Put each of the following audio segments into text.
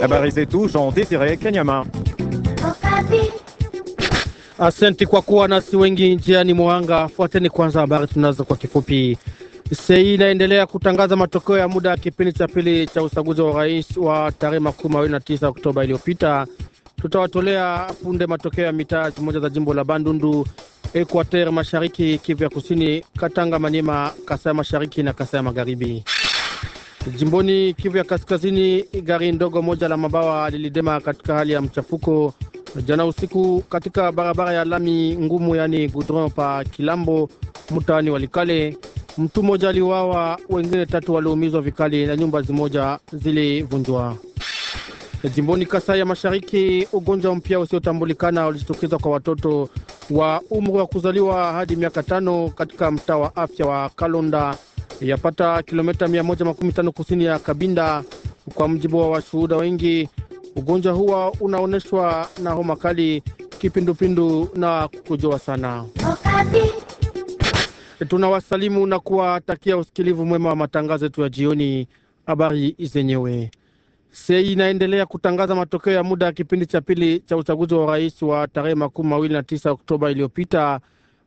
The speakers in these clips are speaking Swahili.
Habari zetu Jean Desire Kanyama. Asante kwa kuwa nasi wengi njiani mwanga. Fuateni kwanza habari tunazo kwa kifupi. Sei inaendelea kutangaza matokeo ya muda ya kipindi cha pili cha uchaguzi wa urais wa tarehe makumi mawili na tisa Oktoba iliyopita. Tutawatolea punde matokeo ya mitaa moja za jimbo la Bandundu, Equateur Mashariki, Kivu ya Kusini, Katanga, manyema Kasai Mashariki na Kasai Magharibi. Jimboni Kivu ya Kaskazini, gari ndogo moja la mabawa lilidema katika hali ya mchafuko jana usiku katika barabara ya lami ngumu, yani gudron pa Kilambo, mtaani Walikale. Mtu mmoja aliuawa, wengine tatu waliumizwa vikali na nyumba zimoja zilivunjwa. Jimboni Kasai ya Mashariki, ugonjwa mpya usiotambulikana ulijitokeza kwa watoto wa umri wa kuzaliwa hadi miaka tano katika mtaa wa afya wa Kalonda yapata kilomita 115 kusini ya Kabinda. Kwa mjibu wa washuhuda wengi, ugonjwa huwa unaonyeshwa na homa kali, kipindupindu na kukojoa sana. Tunawasalimu na kuwatakia usikilivu mwema wa matangazo yetu ya jioni. Habari zenyewe sei inaendelea kutangaza matokeo ya muda ya kipindi cha pili cha uchaguzi wa rais wa tarehe makumi mawili na tisa Oktoba iliyopita.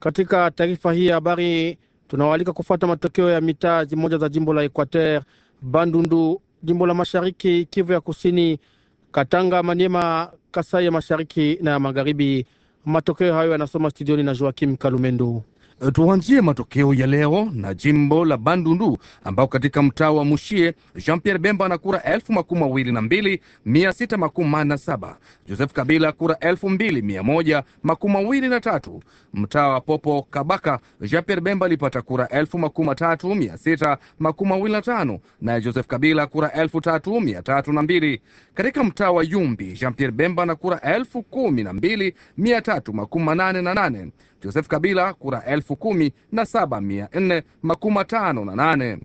Katika taarifa hii ya habari tunawaalika kufuata matokeo ya mitaa moja za jimbo la Equateur, Bandundu jimbo la Mashariki, Kivu ya Kusini, Katanga, Maniema, Kasai ya Mashariki na ya Magharibi. Matokeo hayo yanasoma studioni na Joakim Kalumendo. Eh, tuanzie matokeo ya leo na jimbo la Bandundu ambao katika mtaa wa Mushie Jean Pierre Bemba ana kura elfu makumi mawili na mbili mia sita makumi manne na saba Joseph Kabila kura elfu mbili mia moja makumi mawili na tatu Mtaa wa Popo Kabaka Jean Pierre Bemba alipata kura elfu makumi matatu mia sita makumi mawili na tano naye Joseph Kabila kura elfu tatu mia tatu na mbili Katika mtaa wa Yumbi Jean Pierre Bemba ana kura elfu kumi na mbili mia tatu makumi manane na nane Joseph Kabila kura elfu kumi na saba mia nne makumi matano na nane.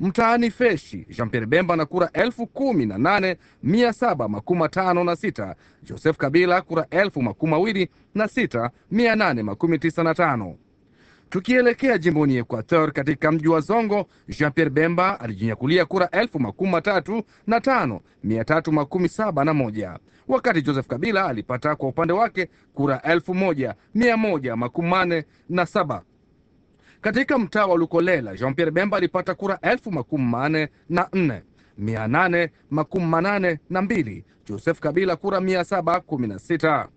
Mtaani Feshi Jean Pierre Bemba na kura elfu kumi na nane mia saba makumi matano na sita. Joseph Kabila kura elfu makumi mawili na sita mia nane makumi tisa na tano. Tukielekea jimboni Equateur, katika mji wa Zongo, Jean Pierre Bemba alijinyakulia kura elfu makumi matatu na tano mia tatu makumi saba na moja wakati Joseph Kabila alipata kwa upande wake kura elfu moja mia moja makumi na saba. Katika mtaa wa Lukolela, Jean Pierre Bemba alipata kura elfu makumi na nne mia nane makumi manane na mbili Joseph Kabila kura mia saba kumi na sita.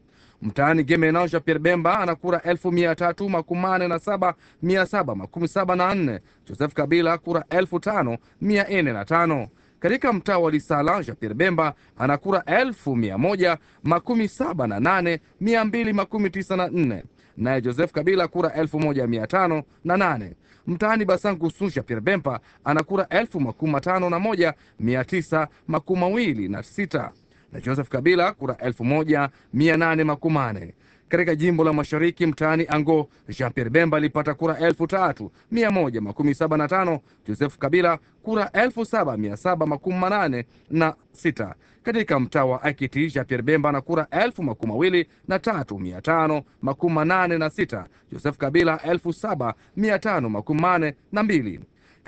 Mtaani gemenao Shapir Bemba ana kura elfu mia tatu makumane na saba mia saba makumi saba na nne Joseph Kabila kura elfu tano mia nne na tano katika mtaa wa Lisala japier Bemba ana kura elfu mia moja makumi saba na nane mia mbili makumi tisa na nne naye Joseph Kabila kura elfu moja mia tano na nane mtaani Basangusu japier Bemba ana kura elfu makumi matano na moja mia tisa makumi mawili na sita na Joseph Kabila kura elfu Katika jimbo la mashariki mtaani Ango, Jean Pierre Bemba alipata kura elfu Joseph Kabila kura elfu na sita. Katika mtaa wa Akiti, Jean Pierre Bemba na kura elfu na sita, Joseph Kabila elfu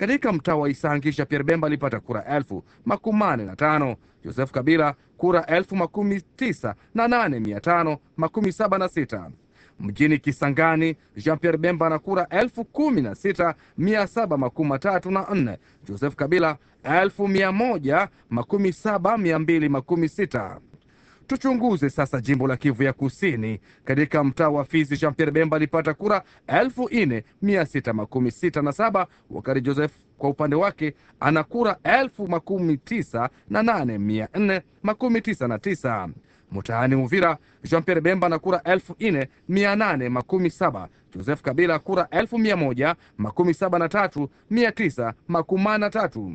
Katika mtaa wa Isangi, Jean Pierre Bemba alipata kura elfu makumi na tano, Joseph Kabila kura elfu makumi tisa na nane mia tano makumi saba na sita. Mjini Kisangani, Jean Pierre Bemba na kura elfu kumi na sita mia saba makumi matatu na nne. Joseph Kabila elfu mia moja makumi saba mia mbili makumi sita. Tuchunguze sasa jimbo la Kivu ya Kusini. Katika mtaa wa Fizi, Jean Pierre Bemba alipata kura elfu nne mia sita makumi sita na saba wakati Joseph kwa upande wake ana kura elfu makumi tisa na nane mia nne makumi tisa na tisa. Mtaani Uvira, Jean Pierre Bemba ana kura elfu nne mia nane makumi saba Joseph Kabila kura elfu mia moja makumi saba na tatu mia tisa makumi na tatu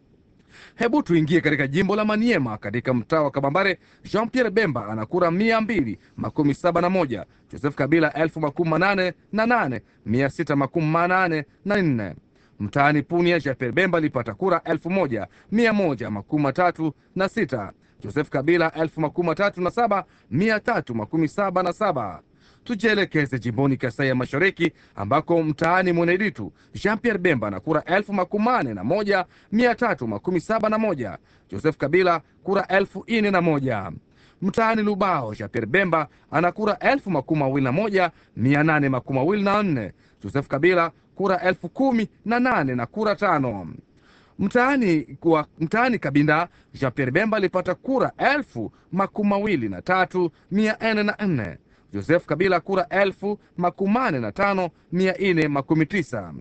Hebu tuingie katika jimbo la Maniema, katika mtaa wa Kabambare. Jean Pierre Bemba ana kura mia mbili makumi saba na moja Joseph Kabila elfu makumi manane na nane mia sita makumi manane na nne Mtaani Punia, Jean Pierre Bemba alipata kura elfu moja mia moja makumi matatu na sita Joseph Kabila elfu makumi matatu na saba mia tatu makumi saba na saba Tujielekeze jimboni Kasai ya Mashariki ambako mtaani Mweneditu Jean Pierre Bemba na kura elfu makumi mane na moja mia tatu makumi saba na moja Joseph Kabila kura elfu ine na moja mtaani Lubao Jean Pierre Bemba ana kura elfu makumi mawili na moja mia nane makumi mawili na nne Joseph Kabila kura elfu kumi na nane na kura tano. Mtaani kwa mtaani Kabinda Jean Pierre Bemba alipata kura elfu makumi mawili na tatu mia nne na nne Joseph Kabila kura elfu makumane na tano mia nne makumi tisa.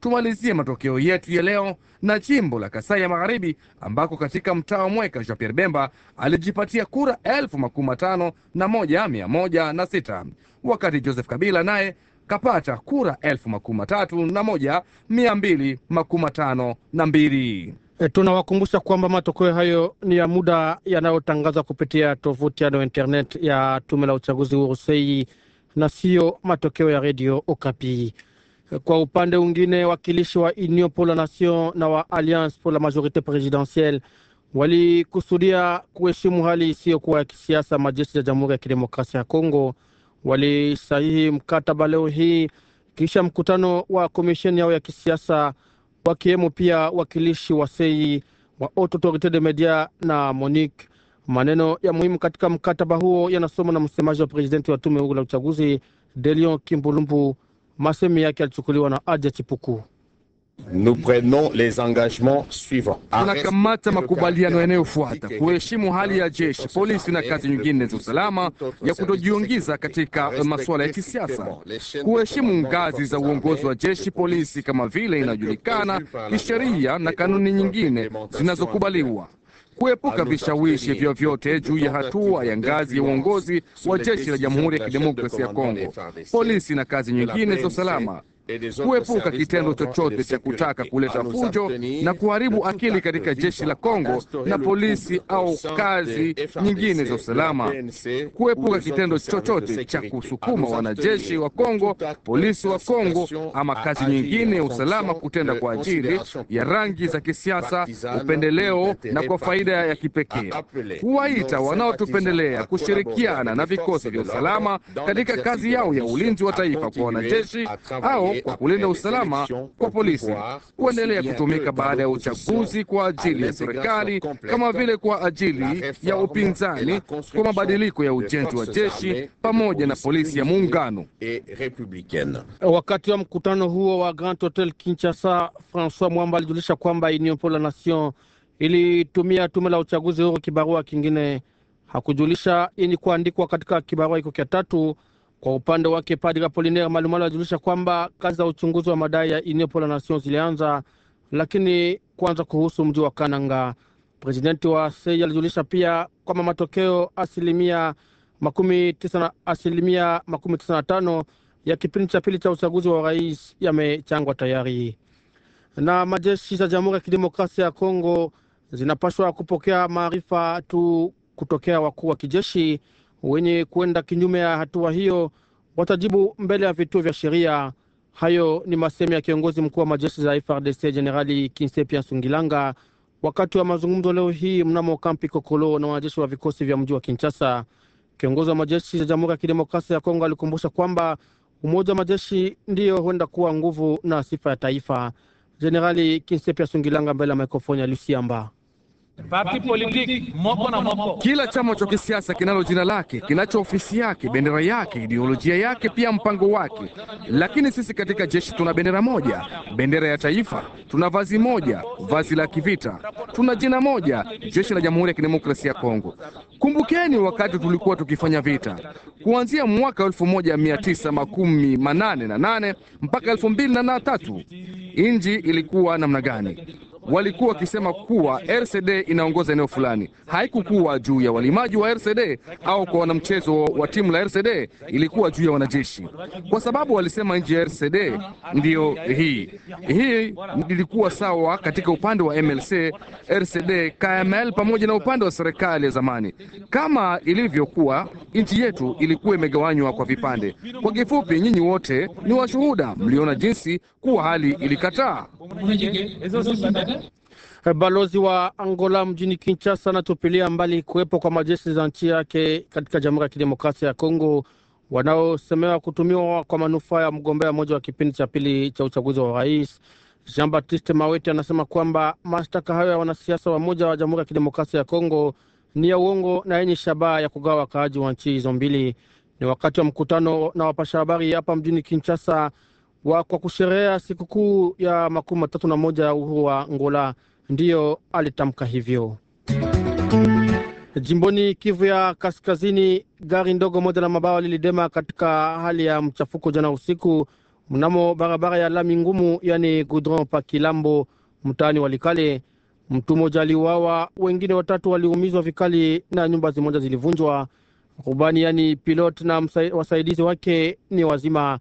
Tumalizie matokeo yetu ya leo na jimbo la Kasai ya Magharibi, ambako katika mtaa Mweka Jean Pierre Bemba alijipatia kura elfu makumi matano na moja mia moja na sita wakati Joseph Kabila naye kapata kura elfu makumi matatu na moja mia mbili makumi matano na mbili. E, tunawakumbusha kwamba matokeo hayo ni ya muda yanayotangazwa kupitia tovuti yano internet ya tume la uchaguzi urusei na siyo matokeo ya redio Okapi. Kwa upande mwingine, wakilishi wa Union pour la Nation na wa Alliance pour la Majorite Presidentielle walikusudia kuheshimu hali isiyokuwa ya kisiasa majeshi ya Jamhuri ya Kidemokrasia ya Kongo. Walisahihi mkataba leo hii kisha mkutano wa komisheni yao ya kisiasa wakiwemo pia wakilishi wa sei wa Autorite de Media na Monique. Maneno ya muhimu katika mkataba huo yanasomwa na msemaji wa presidenti wa tume huru la uchaguzi Delion Kimbulumbu. Masemi yake yalichukuliwa na Aja Chipuku. Nous prenons les engagements suivants. Tunakamata makubaliano yanayofuata: kuheshimu hali ya jeshi, polisi na kazi nyingine za usalama, ya kutojiongiza katika eh, masuala ya kisiasa, kuheshimu ngazi za uongozi wa jeshi polisi kama vile inajulikana kisheria na kanuni nyingine zinazokubaliwa kuepuka vishawishi vyovyote juu ya hatua ya ngazi ya uongozi wa jeshi la Jamhuri ya Kidemokrasia ya Kongo, polisi na kazi nyingine za usalama, kuepuka kitendo chochote cha kutaka kuleta fujo na kuharibu akili katika jeshi la Kongo na polisi au kazi nyingine za usalama, kuepuka kitendo chochote cha kusukuma wanajeshi wa Kongo, polisi wa Kongo ama kazi nyingine ya usalama kutenda kwa ajili ya rangi za kisiasa, upendeleo na kwa faida ya kipekee, kuwaita wanaotupendelea kushirikiana na vikosi vya usalama katika kazi yao ya ulinzi wa taifa kwa wanajeshi au kwa kulinda usalama kwa polisi kuendelea kutumika baada ya uchaguzi kwa ajili ya serikali kama vile kwa ajili ya upinzani, kwa mabadiliko ya ujenzi wa jeshi pamoja na polisi ya muungano. Wakati wa mkutano huo wa Grand Hotel Kinshasa, Francois Mwamba alijulisha kwamba Union pour la Nation ilitumia tume la uchaguzi huru kibarua kingine. Hakujulisha ini kuandikwa katika kibarua hiko kia tatu kwa upande wake Padri Apolinera Malumalu alijulisha kwamba kazi za uchunguzi wa madai ya Inepola Nation zilianza, lakini kwanza kuhusu mji wa Kananga. Presidenti wa SEI alijulisha pia kwamba matokeo asilimia makumi tisa na asilimia makumi tisa na tano ya kipindi cha pili cha uchaguzi wa rais yamechangwa tayari, na majeshi za Jamhuri ya Kidemokrasia ya Kongo zinapaswa kupokea maarifa tu kutokea wakuu wa kijeshi Wenye kwenda kinyume ya hatua hiyo watajibu mbele ya vituo vya sheria. Hayo ni masemi ya kiongozi mkuu wa majeshi za frdc Jenerali Kinsepia Sungilanga wakati wa mazungumzo leo hii mnamo kampi Kokolo na wanajeshi wa vikosi vya mji wa Kinshasa. Kiongozi wa majeshi ya Jamhuri ya Kidemokrasia ya Kongo alikumbusha kwamba umoja wa majeshi ndiyo huenda kuwa nguvu na sifa ya taifa. Jenerali Kinsepia Sungilanga mbele ya mikrofoni ya Lusiamba. Parti politique, moko na moko. Kila chama cha kisiasa kinalo jina lake, kinacho ofisi yake, bendera yake, ideolojia yake, pia mpango wake. Lakini sisi katika jeshi tuna bendera moja, bendera ya taifa, tuna vazi moja, vazi la kivita, tuna jina moja, jeshi la Jamhuri ya Kidemokrasia ya Kongo. Kumbukeni wakati tulikuwa tukifanya vita kuanzia mwaka elfu moja mia tisa makumi manane na nane mpaka elfu mbili na tatu, inji ilikuwa namna gani? walikuwa wakisema kuwa RCD inaongoza eneo fulani. Haikukuwa juu ya walimaji wa RCD au kwa wanamchezo wa timu la RCD, ilikuwa juu ya wanajeshi, kwa sababu walisema nje ya RCD ndiyo hii. Hii ilikuwa sawa katika upande wa MLC, RCD, KML pamoja na upande wa serikali ya zamani. Kama ilivyokuwa, nchi yetu ilikuwa imegawanywa kwa vipande. Kwa kifupi, nyinyi wote ni washuhuda, mliona jinsi kuwa hali ilikataa. Balozi wa Angola mjini Kinshasa anatupilia mbali kuwepo kwa majeshi za nchi yake katika Jamhuri ya Kidemokrasia ya Kongo wanaosemewa kutumiwa kwa manufaa ya mgombea mmoja wa kipindi cha pili cha uchaguzi wa rais. Jean Baptiste Mawete anasema kwamba mashtaka hayo ya wanasiasa wamoja wa Jamhuri ya Kidemokrasia ya Kongo ni ya uongo na yenye shabaha ya kugawa wakaaji wa nchi hizo mbili. Ni wakati wa mkutano na wapasha habari hapa mjini Kinshasa wa kwa kusherehea sikukuu ya makumi matatu na moja ya uhuru wa ngola Ndiyo alitamka hivyo. Jimboni Kivu ya Kaskazini, gari ndogo moja la mabawa lilidema katika hali ya mchafuko jana usiku mnamo barabara ya lami ngumu, yani Gudron pa Kilambo, mtaani Walikale. Mtu mmoja aliuawa, wengine watatu waliumizwa vikali na nyumba zimoja zilivunjwa. Rubani yani pilot na wasaidizi wake ni wazima.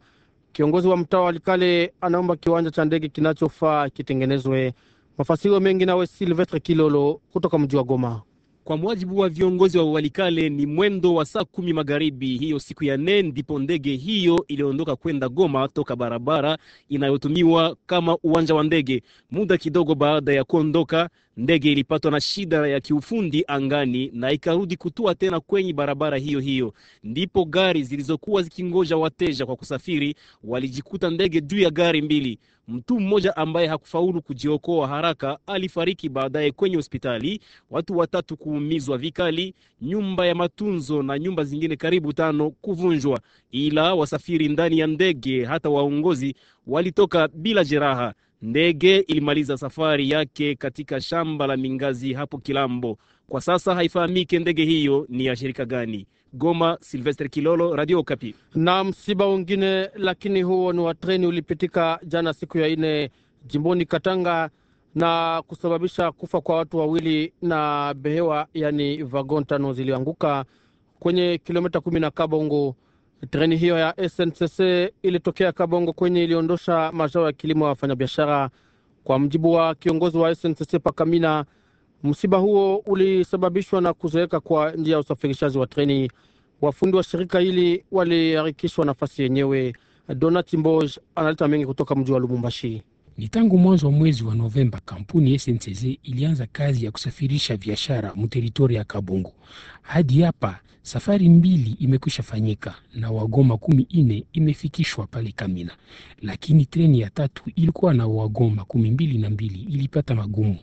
Kiongozi wa mtaa wa Likale anaomba kiwanja cha ndege kinachofaa kitengenezwe. mafasirio mengi nawe Silvestre Kilolo kutoka mji wa Goma. Kwa mujibu wa viongozi wa Walikale, ni mwendo wa saa kumi magharibi hiyo siku ya nne ndipo ndege hiyo iliondoka kwenda Goma toka barabara inayotumiwa kama uwanja wa ndege. Muda kidogo baada ya kuondoka, ndege ilipatwa na shida ya kiufundi angani na ikarudi kutua tena kwenye barabara hiyo hiyo. Ndipo gari zilizokuwa zikingoja wateja kwa kusafiri walijikuta ndege juu ya gari mbili. Mtu mmoja ambaye hakufaulu kujiokoa haraka alifariki baadaye kwenye hospitali, watu watatu kuumizwa vikali, nyumba ya matunzo na nyumba zingine karibu tano kuvunjwa, ila wasafiri ndani ya ndege hata waongozi walitoka bila jeraha. Ndege ilimaliza safari yake katika shamba la Mingazi hapo Kilambo. Kwa sasa haifahamike ndege hiyo ni ya shirika gani. Goma, Silvestre Kilolo, Radio Okapi. Na msiba wengine lakini huo ni wa treni ulipitika jana siku ya ine jimboni Katanga na kusababisha kufa kwa watu wawili na behewa, yani vagon tano zilianguka kwenye kilomita kumi na Kabongo. Treni hiyo ya SNCC ilitokea Kabongo kwenye iliondosha mazao ya kilimo ya wafanyabiashara, kwa mjibu wa kiongozi wa SNCC Pakamina. Msiba huo ulisababishwa na kuzeeka kwa njia ya usafirishaji wa treni. Wafundi wa shirika hili waliharikishwa nafasi yenyewe. Donat Mboj analeta mengi kutoka mji wa Lubumbashi. Ni tangu mwanzo wa mwezi wa Novemba kampuni SNCC ilianza kazi ya kusafirisha biashara muteritori ya kabungu Hadi hapa safari mbili imekwisha fanyika na wagoma kumi ine imefikishwa pale Kamina, lakini treni ya tatu ilikuwa na wagoma kumi mbili na mbili ilipata magumu.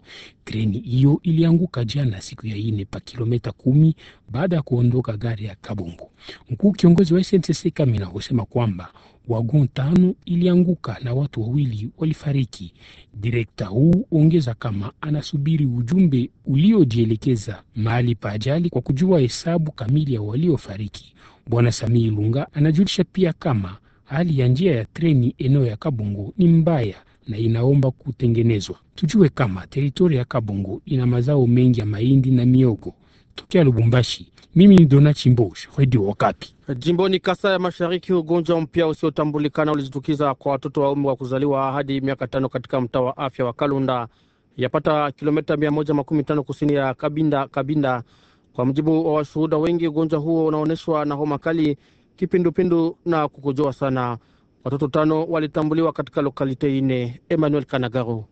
Treni hiyo ilianguka jana siku ya ine pa kilometa kumi baada ya kuondoka gari ya kabungu Mkuu kiongozi wa SNCC Kamina husema kwamba wagon tano ilianguka na watu wawili walifariki. Direkta huu ongeza kama anasubiri ujumbe uliojielekeza mahali pa ajali kwa kujua hesabu kamili ya waliofariki. Bwana Samii Lunga anajulisha pia kama hali ya njia ya treni eneo ya Kabongo ni mbaya na inaomba kutengenezwa. Tujue kama teritoria ya Kabongo ina mazao mengi ya mahindi na miogo tokea Lubumbashi. Mimi ni Dona Chimbosh, Redio Okapi. Jimboni Kasa ya Mashariki, ugonjwa mpya usiotambulikana ulijitukiza kwa watoto wa umri wa kuzaliwa hadi miaka tano katika mtaa wa afya wa Kalunda, yapata kilomita mia moja makumi tano kusini ya Kabinda, Kabinda. Kwa mjibu wa washuhuda wengi, ugonjwa huo unaonyeshwa na homa kali, kipindupindu na kukojoa sana. Watoto tano walitambuliwa katika lokalite ine. Emmanuel Kanagaro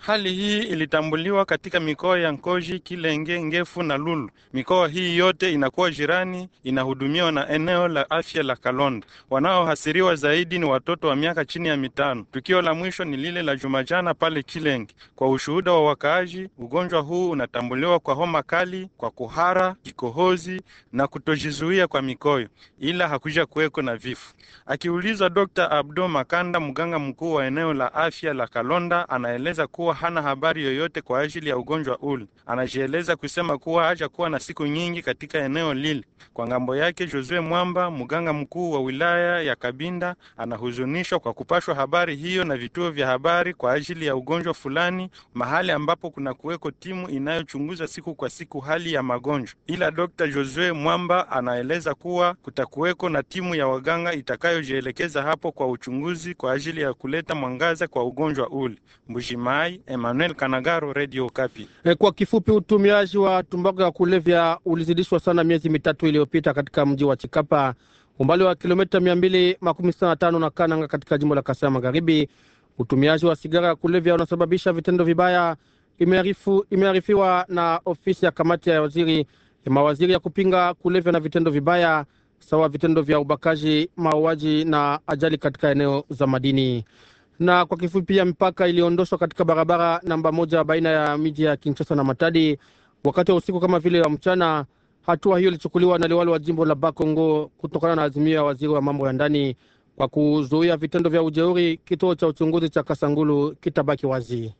Hali hii ilitambuliwa katika mikoa ya Nkoji, Kilenge, Ngefu na Lulu. Mikoa hii yote inakuwa jirani, inahudumiwa na eneo la afya la Kalonda. Wanaohasiriwa zaidi ni watoto wa miaka chini ya mitano. Tukio la mwisho ni lile la Jumajana pale Kilenge. Kwa ushuhuda wa wakaaji, ugonjwa huu unatambuliwa kwa homa kali, kwa kuhara, kikohozi na kutojizuia kwa mikoyo, ila hakuja kuweko na vifo. Akiulizwa, Dr. Abdo Makanda, mganga mkuu wa eneo la afya la Kalonda, anaeleza kuwa kuwa hana habari yoyote kwa ajili ya ugonjwa ule. Anajieleza kusema kuwa hajakuwa na siku nyingi katika eneo lile. Kwa ngambo yake, Josue Mwamba, mganga mkuu wa wilaya ya Kabinda, anahuzunishwa kwa kupashwa habari hiyo na vituo vya habari kwa ajili ya ugonjwa fulani, mahali ambapo kuna kuweko timu inayochunguza siku kwa siku hali ya magonjwa. Ila Dr. Josue Mwamba anaeleza kuwa kutakuweko na timu ya waganga itakayojielekeza hapo kwa uchunguzi kwa ajili ya kuleta mwangaza kwa ugonjwa ule. Mbushimai Emmanuel Kanagaro, Radio Kapi. E, eh, kwa kifupi, utumiaji wa tumbaku ya kulevya ulizidishwa sana miezi mitatu iliyopita katika mji wa Chikapa, umbali wa kilomita mia na na Kananga katika jimbo la Kasai Magharibi. Utumiaji wa sigara ya kulevya unasababisha vitendo vibaya, imearifiwa na ofisi ya kamati ya waziri ya eh, mawaziri ya kupinga kulevya na vitendo vibaya sawa vitendo vya ubakaji, mauaji na ajali katika eneo za madini na kwa kifupi pia mipaka iliondoshwa katika barabara namba moja baina ya miji ya Kinshasa na Matadi wakati wa usiku kama vile wa mchana. Hatua hiyo ilichukuliwa na liwali wa jimbo la Bakongo kutokana na azimio ya waziri wa mambo ya ndani kwa kuzuia vitendo vya ujeuri. Kituo cha uchunguzi cha Kasangulu kitabaki wazi.